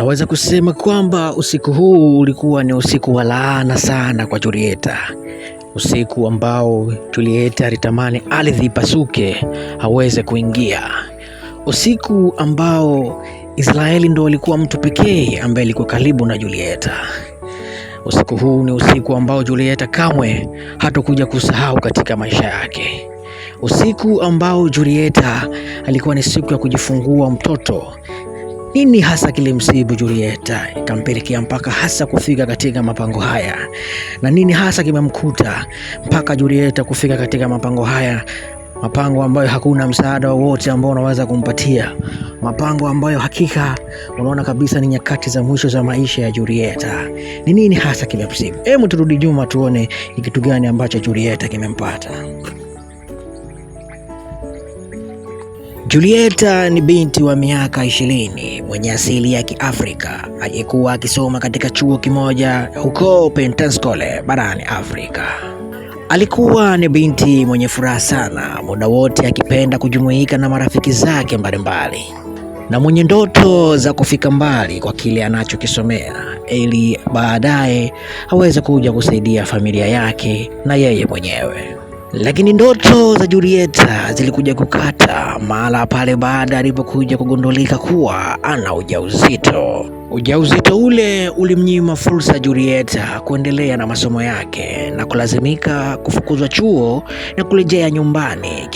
Naweza kusema kwamba usiku huu ulikuwa ni usiku wa laana sana kwa Julieta, usiku ambao Julieta alitamani ardhi ipasuke aweze kuingia, usiku ambao Israeli ndo alikuwa mtu pekee ambaye alikuwa karibu na Julieta. Usiku huu ni usiku ambao Julieta kamwe hatakuja kusahau katika maisha yake, usiku ambao Julieta alikuwa ni siku ya kujifungua mtoto nini hasa kilimsibu Julieta ikampelekea mpaka hasa kufika katika mapango haya, na nini hasa kimemkuta mpaka Julieta kufika katika mapango haya, mapango ambayo hakuna msaada wowote ambao unaweza kumpatia, mapango ambayo hakika unaona kabisa ni nyakati za mwisho za maisha ya Julieta. Ni nini hasa kimemsibu? Hebu turudi nyuma tuone ni kitu gani ambacho Julieta kimempata. Julieta ni binti wa miaka ishirini mwenye asili ya Kiafrika aliyekuwa akisoma katika chuo kimoja huko Pentascole barani Afrika. Alikuwa ni binti mwenye furaha sana muda wote, akipenda kujumuika na marafiki zake mbalimbali na mwenye ndoto za kufika mbali kwa kile anachokisomea ili baadaye aweze kuja kusaidia familia yake na yeye mwenyewe. Lakini ndoto za Julieta zilikuja kukata mahala pale baada alipokuja kugundulika kuwa ana ujauzito. Ujauzito ule ulimnyima fursa Julieta kuendelea na masomo yake na kulazimika kufukuzwa chuo na kurejea nyumbani.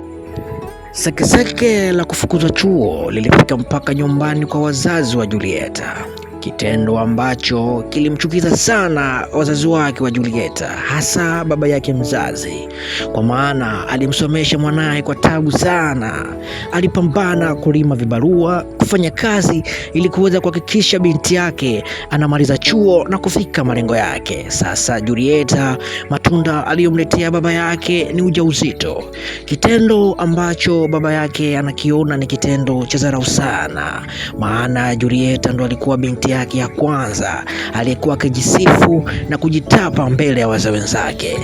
Sekeseke la kufukuzwa chuo lilifika mpaka nyumbani kwa wazazi wa Julieta kitendo ambacho kilimchukiza sana wazazi wake wa Julieta, hasa baba yake mzazi, kwa maana alimsomesha mwanaye kwa tabu sana. Alipambana kulima vibarua, kufanya kazi ili kuweza kuhakikisha binti yake anamaliza chuo na kufika malengo yake. Sasa Julieta, matunda aliyomletea baba yake ni ujauzito, kitendo ambacho baba yake anakiona ni kitendo cha dharau sana, maana Julieta ndo alikuwa binti yake ya kwanza aliyekuwa akijisifu na kujitapa mbele ya wazee wenzake.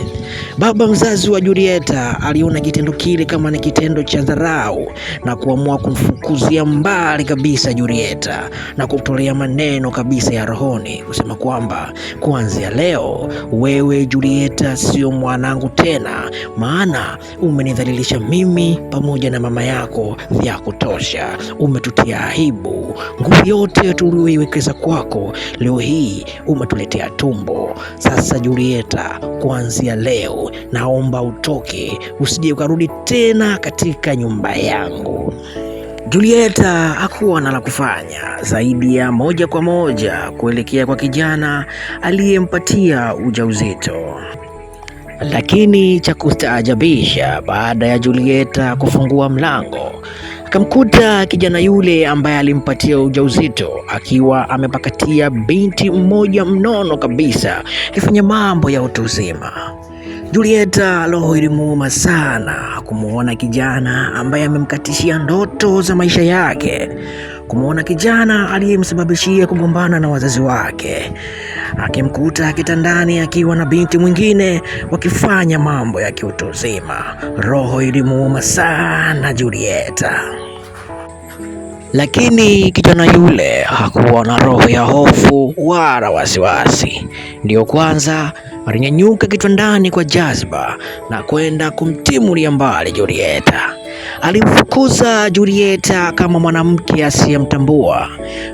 Baba mzazi wa Julieta aliona kitendo kile kama ni kitendo cha dharau na kuamua kumfukuzia mbali kabisa Julieta na kutolea maneno kabisa ya rohoni, kusema kwamba kuanzia leo wewe Julieta sio mwanangu tena, maana umenidhalilisha mimi pamoja na mama yako vya kutosha, umetutia aibu. Nguvu yote tuliyoiwekeza kwako leo hii umetuletea tumbo. Sasa Julieta, kuanzia leo naomba utoke, usije ukarudi tena katika nyumba yangu. Julieta hakuwa na la kufanya zaidi ya moja kwa moja kuelekea kwa kijana aliyempatia ujauzito. Lakini cha kustaajabisha, baada ya Julieta kufungua mlango akamkuta kijana yule ambaye alimpatia ujauzito akiwa amepakatia binti mmoja mnono kabisa, akifanya mambo ya utu uzima. Julieta roho ilimuuma sana kumwona kijana ambaye amemkatishia ndoto za maisha yake, kumwona kijana aliyemsababishia kugombana na wazazi wake, akimkuta kitandani akiwa na binti mwingine wakifanya mambo ya kiutu uzima. Roho ilimuuma sana Julieta. Lakini kijana yule hakuwa na roho ya hofu wala wasiwasi. Ndiyo kwanza alinyanyuka ndani kwa jazba na kwenda kumtimulia mbali Julieta. Alimfukuza Julieta kama mwanamke asiyemtambua.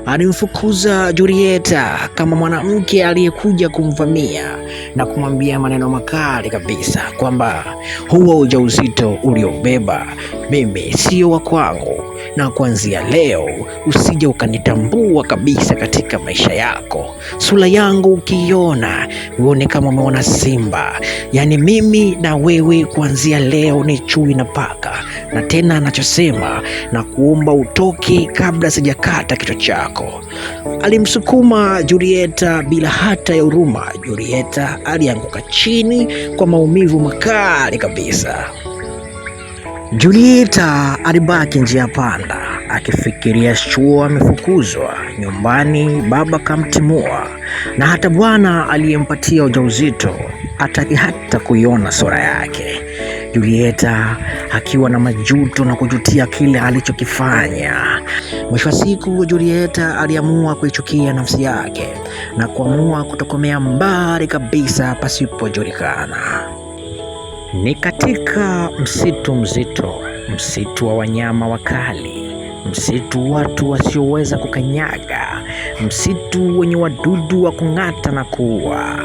Alimfukuza Julieta kama mwanamke aliyekuja kumvamia na kumwambia maneno makali kabisa kwamba huo ujauzito uliobeba mimi sio wa kwangu, na kuanzia leo usije ukanitambua kabisa katika maisha yako. Sura yangu ukiiona uone kama umeona simba. Yaani mimi na wewe kuanzia leo ni chui na paka, na tena anachosema na kuomba utoke kabla sijakata kichwa chako. Alimsukuma Julieta bila hata ya huruma. Julieta alianguka chini kwa maumivu makali kabisa. Julieta alibaki njia panda akifikiria chuo amefukuzwa nyumbani, baba kamtimua, na hata bwana aliyempatia ujauzito hataki hata kuiona sura yake. Julieta akiwa na majuto na kujutia kile alichokifanya. Mwisho wa siku, Julieta aliamua kuichukia nafsi yake na kuamua kutokomea mbali kabisa pasipojulikana. Ni katika msitu mzito, msitu wa wanyama wakali, msitu watu wasioweza kukanyaga, msitu wenye wadudu wa kung'ata na kuua.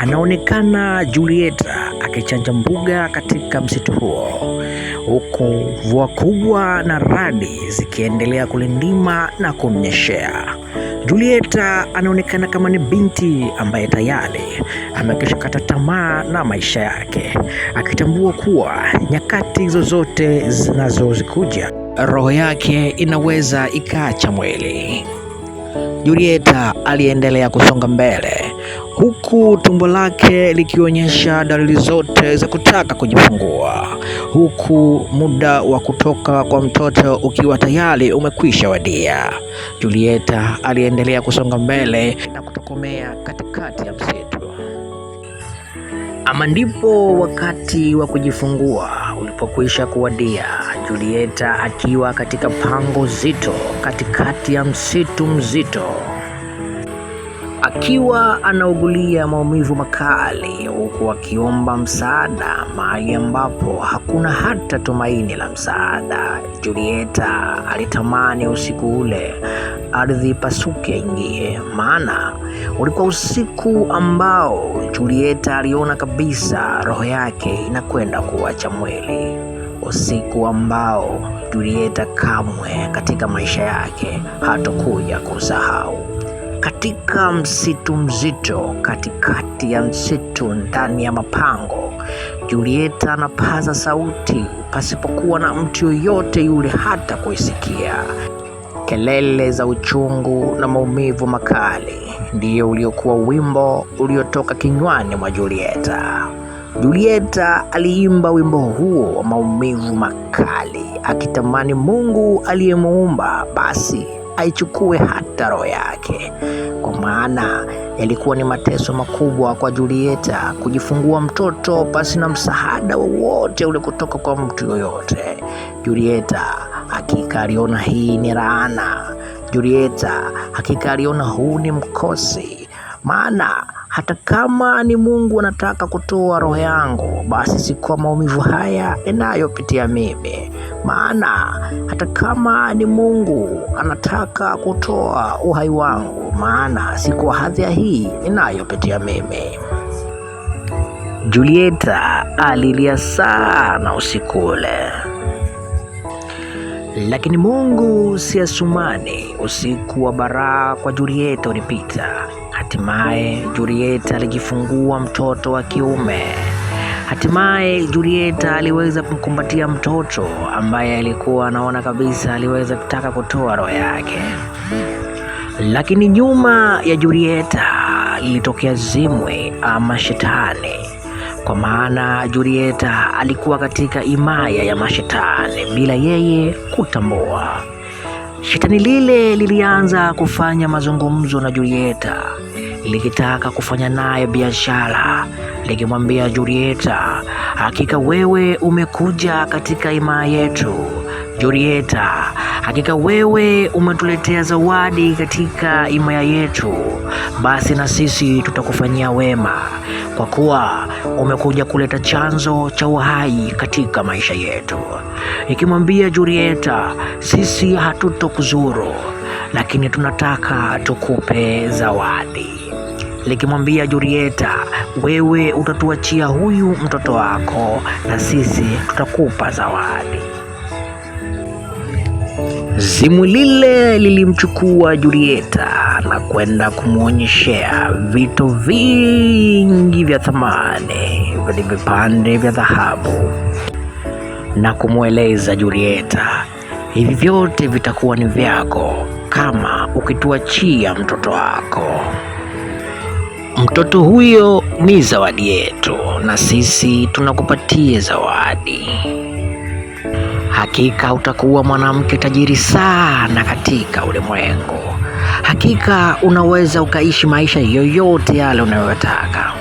Anaonekana Julieta akichanja mbuga katika msitu huo, huku mvua kubwa na radi zikiendelea kulindima na kumnyeshea. Julieta anaonekana kama ni binti ambaye tayari amekwisha kata tamaa na maisha yake akitambua kuwa nyakati zozote zinazozikuja roho yake inaweza ikaacha mwili. Julieta aliendelea kusonga mbele huku tumbo lake likionyesha dalili zote za kutaka kujifungua, huku muda wa kutoka kwa mtoto ukiwa tayari umekwisha wadia. Julieta aliendelea kusonga mbele na kutokomea katikati ya msitu. Ama ndipo wakati wa kujifungua ulipokwisha kuwadia, Julieta akiwa katika pango zito katikati ya msitu mzito, akiwa anaugulia maumivu makali, huku akiomba msaada mahali ambapo hakuna hata tumaini la msaada. Julieta alitamani usiku ule ardhi pasuke ingie, maana Ulikuwa usiku ambao Julieta aliona kabisa roho yake inakwenda kuacha mwili, usiku ambao Julieta kamwe katika maisha yake hatokuja kusahau. Katika msitu mzito, katikati ya msitu, ndani ya mapango, Julieta anapaza sauti pasipokuwa na mtu yoyote yule hata kuisikia, kelele za uchungu na maumivu makali ndiyo uliokuwa wimbo uliotoka kinywani mwa Julieta. Julieta aliimba wimbo huo wa maumivu makali, akitamani Mungu aliyemuumba basi aichukue hata roho yake, kwa maana yalikuwa ni mateso makubwa kwa Julieta kujifungua mtoto pasi na msaada wowote ule kutoka kwa mtu yoyote. Julieta hakika aliona hii ni laana Julieta, hakika aliona huu ni mkosi, maana hata kama ni Mungu anataka kutoa roho yangu, basi si kwa maumivu haya inayopitia mimi. Maana hata kama ni Mungu anataka kutoa uhai wangu, maana si kwa hadhia hii inayopitia mimi. Julieta alilia sana usiku ule. Lakini Mungu si asumani. Usiku wa baraa kwa Julieta ulipita. Hatimaye Julieta alijifungua mtoto wa kiume. Hatimaye Julieta aliweza kumkumbatia mtoto ambaye alikuwa anaona kabisa aliweza kutaka kutoa roho yake. Lakini nyuma ya Julieta ilitokea zimwi ama shetani kwa maana Julieta alikuwa katika imaya ya mashetani bila yeye kutambua. Shetani lile lilianza kufanya mazungumzo na Julieta likitaka kufanya naye biashara, likimwambia Julieta, hakika wewe umekuja katika imaya yetu Julieta, Hakika wewe umetuletea zawadi katika imaya yetu, basi na sisi tutakufanyia wema, kwa kuwa umekuja kuleta chanzo cha uhai katika maisha yetu. ikimwambia Julieta, sisi hatutokuzuru, lakini tunataka tukupe zawadi likimwambia Julieta, wewe utatuachia huyu mtoto wako na sisi tutakupa zawadi. Zimu lile lilimchukua Julieta na kwenda kumwonyeshea vitu vingi vya thamani vile vipande vya dhahabu na kumweleza Julieta, hivi vyote vitakuwa ni vyako kama ukituachia mtoto wako. Mtoto huyo ni zawadi yetu, na sisi tunakupatia zawadi. Hakika utakuwa mwanamke tajiri sana katika ulimwengu. Hakika unaweza ukaishi maisha yoyote yale unayotaka.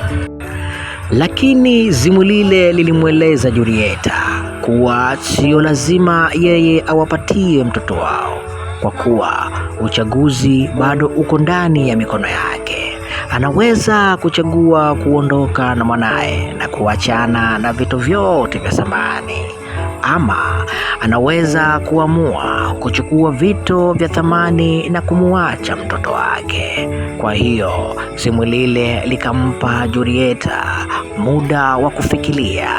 Lakini zimu lile lilimweleza Julieta kuwa sio lazima yeye awapatie mtoto wao, kwa kuwa uchaguzi bado uko ndani ya mikono yake. Anaweza kuchagua kuondoka na mwanaye na kuachana na vitu vyote vya samani ama anaweza kuamua kuchukua vito vya thamani na kumuacha mtoto wake. Kwa hiyo simu lile likampa Julieta muda wa kufikiria.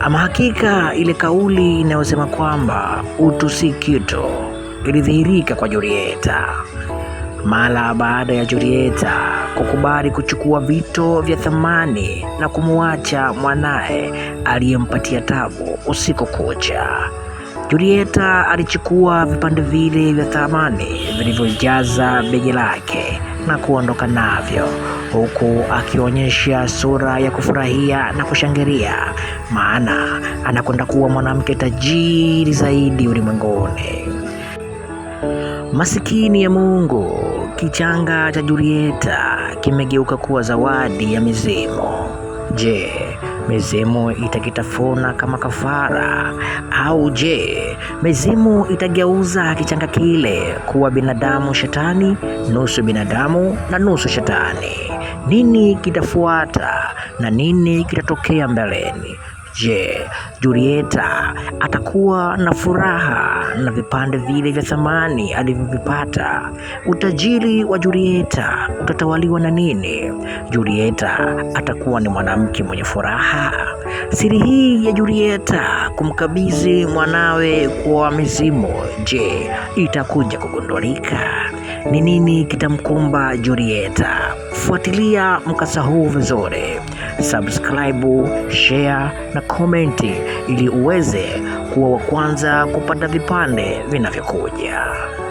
Ama hakika ile kauli inayosema kwamba utu si kitu ilidhihirika kwa Julieta mara baada ya Julieta kukubali kuchukua vito vya thamani na kumwacha mwanaye aliyempatia tabu usiku kucha. Julieta alichukua vipande vile vya thamani vilivyojaza begi lake na kuondoka navyo huku akionyesha sura ya kufurahia na kushangilia, maana anakwenda kuwa mwanamke tajiri zaidi ulimwenguni. Masikini ya Mungu Kichanga cha Julieta kimegeuka kuwa zawadi ya mizimu. Je, mizimu itakitafuna kama kafara au je, mizimu itageuza kichanga kile kuwa binadamu shetani, nusu binadamu na nusu shetani? Nini kitafuata na nini kitatokea mbeleni? Je, Julieta atakuwa na furaha na vipande vile vya thamani alivyovipata? Utajiri wa Julieta utatawaliwa na nini? Julieta atakuwa ni mwanamke mwenye furaha? Siri hii ya Julieta kumkabidhi mwanawe kwa mizimu, je, itakuja kugundulika? ni nini kitamkumba Julieta. Fuatilia mkasa huu vizuri, subscribe, share na komenti ili uweze kuwa wa kwanza kupata vipande vinavyokuja.